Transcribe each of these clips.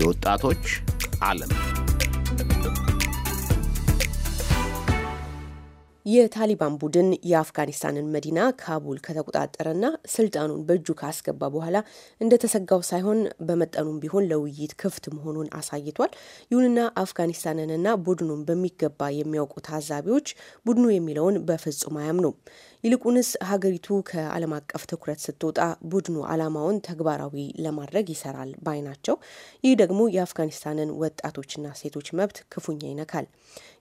የወጣቶች ዓለም የታሊባን ቡድን የአፍጋኒስታንን መዲና ካቡል ከተቆጣጠረና ስልጣኑን በእጁ ካስገባ በኋላ እንደተሰጋው ሳይሆን በመጠኑም ቢሆን ለውይይት ክፍት መሆኑን አሳይቷል። ይሁንና አፍጋኒስታንንና ቡድኑን በሚገባ የሚያውቁ ታዛቢዎች ቡድኑ የሚለውን በፍጹም አያምኑም። ይልቁንስ ሀገሪቱ ከዓለም አቀፍ ትኩረት ስትወጣ ቡድኑ ዓላማውን ተግባራዊ ለማድረግ ይሰራል ባይ ናቸው። ይህ ደግሞ የአፍጋኒስታንን ወጣቶችና ሴቶች መብት ክፉኛ ይነካል።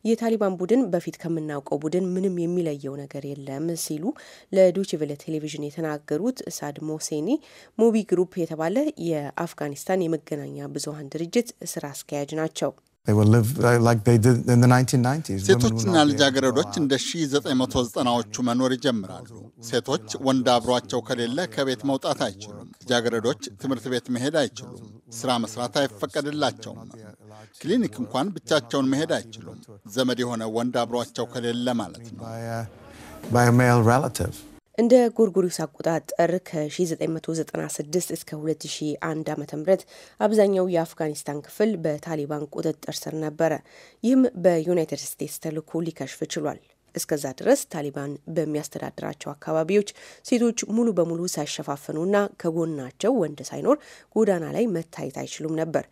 የታሊባን ቡድን በፊት ከምናውቀው ቡድን ምንም የሚለየው ነገር የለም ሲሉ ለዶችቬለ ቴሌቪዥን የተናገሩት ሳድ ሞሴኒ ሙቢ ግሩፕ የተባለ የአፍጋኒስታን የመገናኛ ብዙሀን ድርጅት ስራ አስኪያጅ ናቸው። uh, ሴቶችና ልጃገረዶች እንደ 1990ዎቹ መኖር ይጀምራሉ። ሴቶች ወንድ አብሯቸው ከሌለ ከቤት መውጣት አይችሉም። ልጃገረዶች ትምህርት ቤት መሄድ አይችሉም። ሥራ መስራት አይፈቀድላቸውም። ክሊኒክ እንኳን ብቻቸውን መሄድ አይችሉም። ዘመድ የሆነ ወንድ አብሯቸው ከሌለ ማለት ነው። እንደ ጎርጎሪስ አቆጣጠር ከ1996 እስከ 2001 ዓ ም አብዛኛው የአፍጋኒስታን ክፍል በታሊባን ቁጥጥር ስር ነበረ። ይህም በዩናይትድ ስቴትስ ተልዕኮ ሊከሽፍ ችሏል። እስከዛ ድረስ ታሊባን በሚያስተዳድራቸው አካባቢዎች ሴቶች ሙሉ በሙሉ ሳይሸፋፈኑና ከጎናቸው ወንድ ሳይኖር ጎዳና ላይ መታየት አይችሉም ነበር።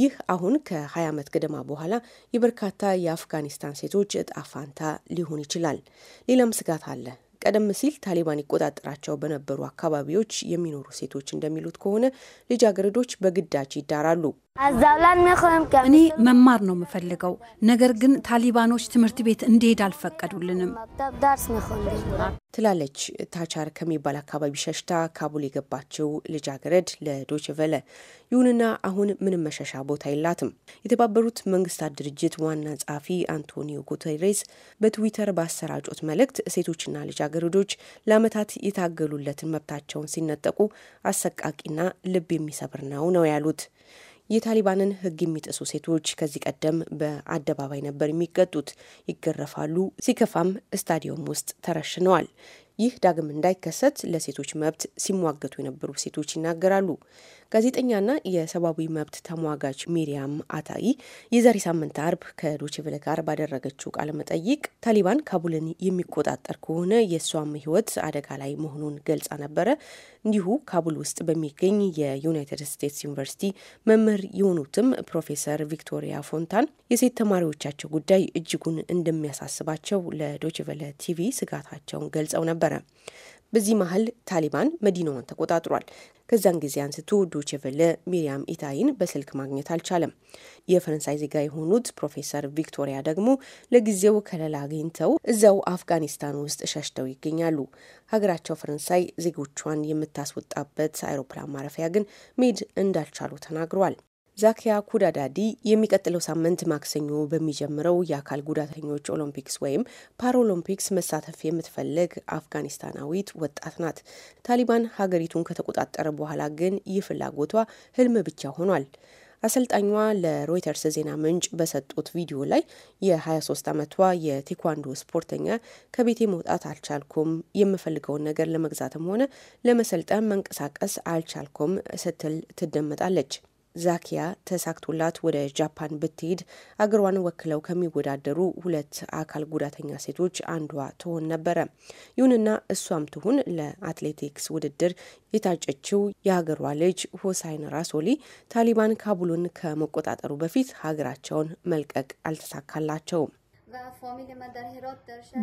ይህ አሁን ከ20 ዓመት ገደማ በኋላ የበርካታ የአፍጋኒስታን ሴቶች እጣ ፋንታ ሊሆን ይችላል። ሌላም ስጋት አለ። ቀደም ሲል ታሊባን ይቆጣጠራቸው በነበሩ አካባቢዎች የሚኖሩ ሴቶች እንደሚሉት ከሆነ ልጃገረዶች በግዳጅ ይዳራሉ። እኔ መማር ነው የምፈልገው። ነገር ግን ታሊባኖች ትምህርት ቤት እንዲሄድ አልፈቀዱልንም ትላለች ታቻር ከሚባል አካባቢ ሸሽታ ካቡል የገባችው ልጃገረድ ለዶች ቨለ። ይሁንና አሁን ምንም መሸሻ ቦታ የላትም። የተባበሩት መንግስታት ድርጅት ዋና ጸሐፊ አንቶኒዮ ጉተሬስ በትዊተር ባሰራጩት መልእክት ሴቶችና ልጃገረዶች ለአመታት የታገሉለትን መብታቸውን ሲነጠቁ አሰቃቂና ልብ የሚሰብር ነው ነው ያሉት። የታሊባንን ሕግ የሚጥሱ ሴቶች ከዚህ ቀደም በአደባባይ ነበር የሚቀጡት። ይገረፋሉ፣ ሲከፋም ስታዲየም ውስጥ ተረሽነዋል። ይህ ዳግም እንዳይከሰት ለሴቶች መብት ሲሟገቱ የነበሩ ሴቶች ይናገራሉ። ጋዜጠኛና የሰብአዊ መብት ተሟጋች ሚሪያም አታይ የዛሬ ሳምንት አርብ ከዶችቭለ ጋር ባደረገችው ቃለመጠይቅ ታሊባን ካቡልን የሚቆጣጠር ከሆነ የእሷም ህይወት አደጋ ላይ መሆኑን ገልጻ ነበረ። እንዲሁ ካቡል ውስጥ በሚገኝ የዩናይትድ ስቴትስ ዩኒቨርሲቲ መምህር የሆኑትም ፕሮፌሰር ቪክቶሪያ ፎንታን የሴት ተማሪዎቻቸው ጉዳይ እጅጉን እንደሚያሳስባቸው ለዶችቨለ ቲቪ ስጋታቸውን ገልጸው ነበረ። በዚህ መሀል ታሊባን መዲናዋን ተቆጣጥሯል። ከዚያን ጊዜ አንስቶ ዶችቨለ ሚሪያም ኢታይን በስልክ ማግኘት አልቻለም። የፈረንሳይ ዜጋ የሆኑት ፕሮፌሰር ቪክቶሪያ ደግሞ ለጊዜው ከለላ አግኝተው እዚያው አፍጋኒስታን ውስጥ ሸሽተው ይገኛሉ። ሀገራቸው ፈረንሳይ ዜጎቿን የምታስወጣበት አውሮፕላን ማረፊያ ግን መሄድ እንዳልቻሉ ተናግረዋል። ዛኪያ ኩዳዳዲ የሚቀጥለው ሳምንት ማክሰኞ በሚጀምረው የአካል ጉዳተኞች ኦሎምፒክስ ወይም ፓራኦሎምፒክስ መሳተፍ የምትፈልግ አፍጋኒስታናዊት ወጣት ናት። ታሊባን ሀገሪቱን ከተቆጣጠረ በኋላ ግን ይህ ፍላጎቷ ህልም ብቻ ሆኗል። አሰልጣኟ ለሮይተርስ ዜና ምንጭ በሰጡት ቪዲዮ ላይ የ23 ዓመቷ የቴኳንዶ ስፖርተኛ ከቤቴ መውጣት አልቻልኩም፣ የምፈልገውን ነገር ለመግዛትም ሆነ ለመሰልጠን መንቀሳቀስ አልቻልኩም ስትል ትደመጣለች። ዛኪያ ተሳክቶላት ወደ ጃፓን ብትሄድ አገሯን ወክለው ከሚወዳደሩ ሁለት አካል ጉዳተኛ ሴቶች አንዷ ትሆን ነበረ። ይሁንና እሷም ትሁን ለአትሌቲክስ ውድድር የታጨችው የሀገሯ ልጅ ሆሳይን ራሶሊ ታሊባን ካቡሉን ከመቆጣጠሩ በፊት ሀገራቸውን መልቀቅ አልተሳካላቸውም።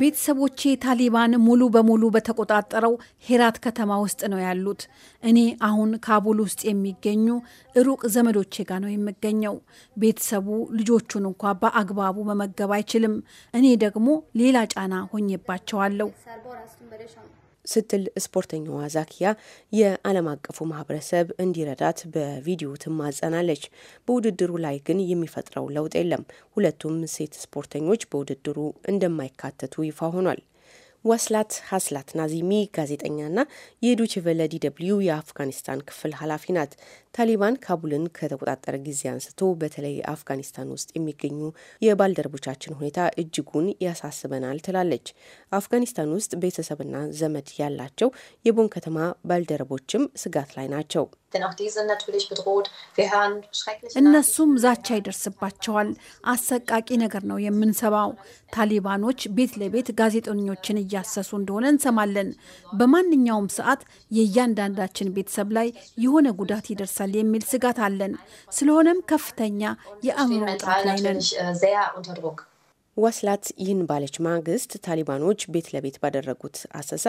ቤተሰቦቼ ታሊባን ሙሉ በሙሉ በተቆጣጠረው ሄራት ከተማ ውስጥ ነው ያሉት። እኔ አሁን ካቡል ውስጥ የሚገኙ ሩቅ ዘመዶቼ ጋር ነው የምገኘው። ቤተሰቡ ልጆቹን እንኳ በአግባቡ መመገብ አይችልም። እኔ ደግሞ ሌላ ጫና ሆኜባቸዋለሁ። ስትል ስፖርተኛዋ ዛኪያ የዓለም አቀፉ ማህበረሰብ እንዲረዳት በቪዲዮ ትማጸናለች። በውድድሩ ላይ ግን የሚፈጥረው ለውጥ የለም። ሁለቱም ሴት ስፖርተኞች በውድድሩ እንደማይካተቱ ይፋ ሆኗል። ወስላት ሀስላት ናዚሚ ጋዜጠኛና የዶች ቨለ የአፍጋኒስታን ክፍል ኃላፊ ናት። ታሊባን ካቡልን ከተቆጣጠረ ጊዜ አንስቶ በተለይ አፍጋኒስታን ውስጥ የሚገኙ የባልደረቦቻችን ሁኔታ እጅጉን ያሳስበናል ትላለች። አፍጋኒስታን ውስጥ ቤተሰብና ዘመድ ያላቸው የቦን ከተማ ባልደረቦችም ስጋት ላይ ናቸው። እነሱም ዛቻ ይደርስባቸዋል። አሰቃቂ ነገር ነው የምንሰማው ታሊባኖች ቤት ለቤት ጋዜጠኞችን እያሰሱ እንደሆነ እንሰማለን። በማንኛውም ሰዓት የእያንዳንዳችን ቤተሰብ ላይ የሆነ ጉዳት ይደርሳል የሚል ስጋት አለን። ስለሆነም ከፍተኛ የአእምሮ ጣት ላይ ነን። ዋስላት ይህን ባለች ማግስት ታሊባኖች ቤት ለቤት ባደረጉት አሰሳ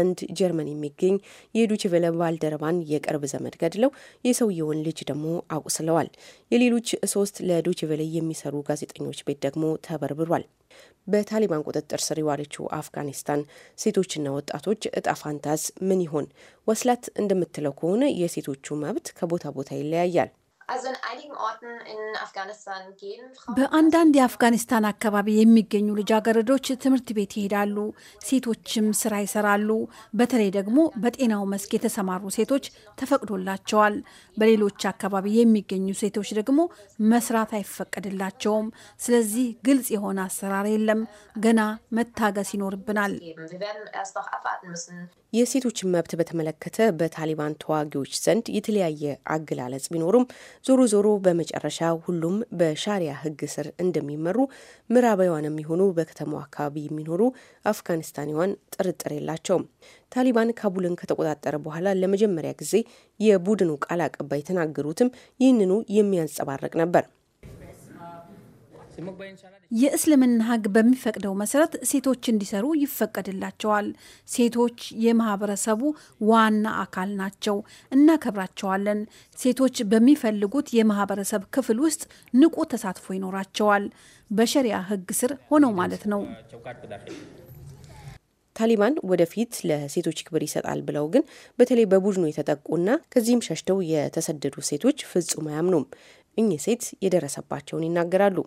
አንድ ጀርመን የሚገኝ የዱችቬለ ባልደረባን የቅርብ ዘመድ ገድለው የሰውየውን ልጅ ደግሞ አቁስለዋል። የሌሎች ሶስት ለዱችቬለ የሚሰሩ ጋዜጠኞች ቤት ደግሞ ተበርብሯል። በታሊባን ቁጥጥር ስር የዋለችው አፍጋኒስታን ሴቶችና ወጣቶች እጣ ፋንታስ ምን ይሆን? ወስላት እንደምትለው ከሆነ የሴቶቹ መብት ከቦታ ቦታ ይለያያል። በአንዳንድ የአፍጋኒስታን አካባቢ የሚገኙ ልጃገረዶች ትምህርት ቤት ይሄዳሉ። ሴቶችም ስራ ይሰራሉ። በተለይ ደግሞ በጤናው መስክ የተሰማሩ ሴቶች ተፈቅዶላቸዋል። በሌሎች አካባቢ የሚገኙ ሴቶች ደግሞ መስራት አይፈቀድላቸውም። ስለዚህ ግልጽ የሆነ አሰራር የለም። ገና መታገስ ይኖርብናል። የሴቶችን መብት በተመለከተ በታሊባን ተዋጊዎች ዘንድ የተለያየ አገላለጽ ቢኖሩም ዞሮ ዞሮ በመጨረሻ ሁሉም በሻሪያ ሕግ ስር እንደሚመሩ ምዕራባውያን የሚሆኑ በከተማው አካባቢ የሚኖሩ አፍጋኒስታናውያን ጥርጥር የላቸውም። ታሊባን ካቡልን ከተቆጣጠረ በኋላ ለመጀመሪያ ጊዜ የቡድኑ ቃል አቀባይ የተናገሩትም ይህንኑ የሚያንጸባርቅ ነበር። የእስልምና ሕግ በሚፈቅደው መሰረት ሴቶች እንዲሰሩ ይፈቀድላቸዋል። ሴቶች የማህበረሰቡ ዋና አካል ናቸው፣ እናከብራቸዋለን። ሴቶች በሚፈልጉት የማህበረሰብ ክፍል ውስጥ ንቁ ተሳትፎ ይኖራቸዋል፣ በሸሪያ ሕግ ስር ሆነው ማለት ነው። ታሊባን ወደፊት ለሴቶች ክብር ይሰጣል ብለው ግን በተለይ በቡድኑ የተጠቁና ከዚህም ሸሽተው የተሰደዱ ሴቶች ፍጹም አያምኑም። እኚህ ሴት የደረሰባቸውን ይናገራሉ።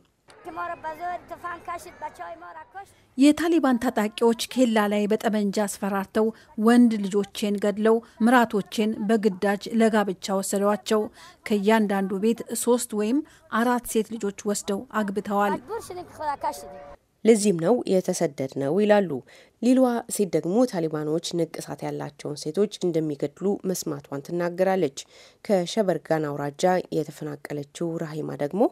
የታሊባን ታጣቂዎች ኬላ ላይ በጠመንጃ አስፈራርተው ወንድ ልጆቼን ገድለው ምራቶቼን በግዳጅ ለጋብቻ ወሰዷቸው። ከእያንዳንዱ ቤት ሶስት ወይም አራት ሴት ልጆች ወስደው አግብተዋል። ለዚህም ነው የተሰደድ ነው ይላሉ። ሊሏ ሴት ደግሞ ታሊባኖች ንቅሳት ያላቸውን ሴቶች እንደሚገድሉ መስማቷን ትናገራለች። ከሸበርጋን አውራጃ የተፈናቀለችው ራሂማ ደግሞ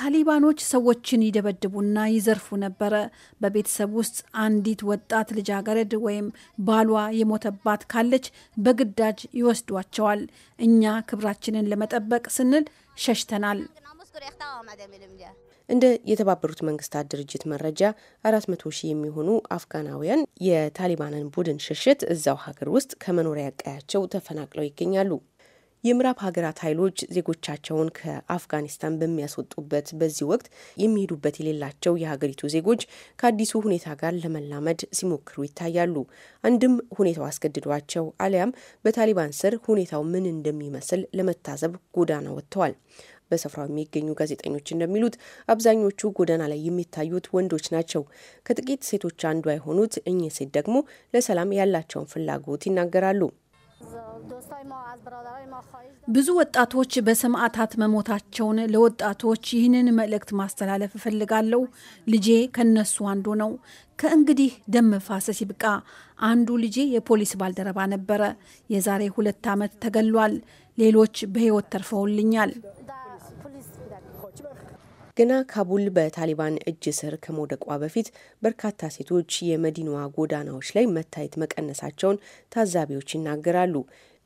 ታሊባኖች ሰዎችን ይደበድቡና ይዘርፉ ነበረ። በቤተሰብ ውስጥ አንዲት ወጣት ልጃገረድ ወይም ባሏ የሞተባት ካለች በግዳጅ ይወስዷቸዋል። እኛ ክብራችንን ለመጠበቅ ስንል ሸሽተናል። እንደ የተባበሩት መንግስታት ድርጅት መረጃ 400 ሺህ የሚሆኑ አፍጋናውያን የታሊባንን ቡድን ሽሽት እዛው ሀገር ውስጥ ከመኖሪያ ቀያቸው ተፈናቅለው ይገኛሉ። የምዕራብ ሀገራት ኃይሎች ዜጎቻቸውን ከአፍጋኒስታን በሚያስወጡበት በዚህ ወቅት የሚሄዱበት የሌላቸው የሀገሪቱ ዜጎች ከአዲሱ ሁኔታ ጋር ለመላመድ ሲሞክሩ ይታያሉ። አንድም ሁኔታው አስገድዷቸው አሊያም በታሊባን ስር ሁኔታው ምን እንደሚመስል ለመታዘብ ጎዳና ወጥተዋል። በስፍራው የሚገኙ ጋዜጠኞች እንደሚሉት አብዛኞቹ ጎዳና ላይ የሚታዩት ወንዶች ናቸው። ከጥቂት ሴቶች አንዷ የሆኑት እኚህ ሴት ደግሞ ለሰላም ያላቸውን ፍላጎት ይናገራሉ። ብዙ ወጣቶች በሰማዕታት መሞታቸውን ለወጣቶች ይህንን መልእክት ማስተላለፍ እፈልጋለሁ። ልጄ ከነሱ አንዱ ነው። ከእንግዲህ ደም መፋሰስ ይብቃ። አንዱ ልጄ የፖሊስ ባልደረባ ነበረ። የዛሬ ሁለት ዓመት ተገሏል። ሌሎች በሕይወት ተርፈውልኛል። ግና ካቡል በታሊባን እጅ ስር ከመውደቋ በፊት በርካታ ሴቶች የመዲናዋ ጎዳናዎች ላይ መታየት መቀነሳቸውን ታዛቢዎች ይናገራሉ።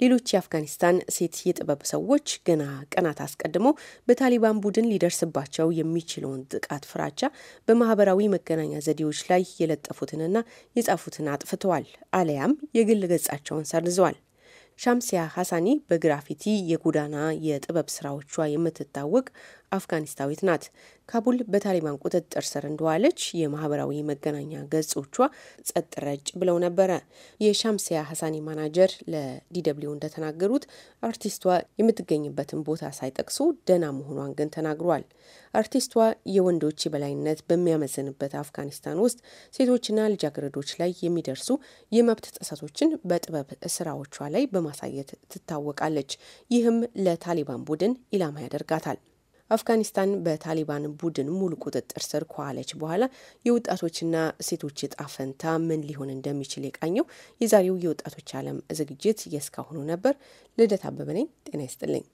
ሌሎች የአፍጋኒስታን ሴት የጥበብ ሰዎች ገና ቀናት አስቀድመው በታሊባን ቡድን ሊደርስባቸው የሚችለውን ጥቃት ፍራቻ በማህበራዊ መገናኛ ዘዴዎች ላይ የለጠፉትንና የጻፉትን አጥፍተዋል፣ አለያም የግል ገጻቸውን ሰርዘዋል። ሻምሲያ ሀሳኒ በግራፊቲ የጎዳና የጥበብ ስራዎቿ የምትታወቅ አፍጋኒስታዊት ናት። ካቡል በታሊባን ቁጥጥር ስር እንደዋለች የማህበራዊ መገናኛ ገጾቿ ጸጥ ረጭ ብለው ነበረ። የሻምሲያ ሀሳኒ ማናጀር ለዲደብሊው እንደተናገሩት አርቲስቷ የምትገኝበትን ቦታ ሳይጠቅሱ ደህና መሆኗን ግን ተናግሯል። አርቲስቷ የወንዶች የበላይነት በሚያመዝንበት አፍጋኒስታን ውስጥ ሴቶችና ልጃገረዶች ላይ የሚደርሱ የመብት ጥሰቶችን በጥበብ ስራዎቿ ላይ በማሳየት ትታወቃለች። ይህም ለታሊባን ቡድን ኢላማ ያደርጋታል። አፍጋኒስታን በታሊባን ቡድን ሙሉ ቁጥጥር ስር ከዋለች በኋላ የወጣቶችና ሴቶች እጣ ፈንታ ምን ሊሆን እንደሚችል የቃኘው የዛሬው የወጣቶች ዓለም ዝግጅት የእስካሁኑ ነበር። ልደት አበበ ነኝ። ጤና ይስጥልኝ።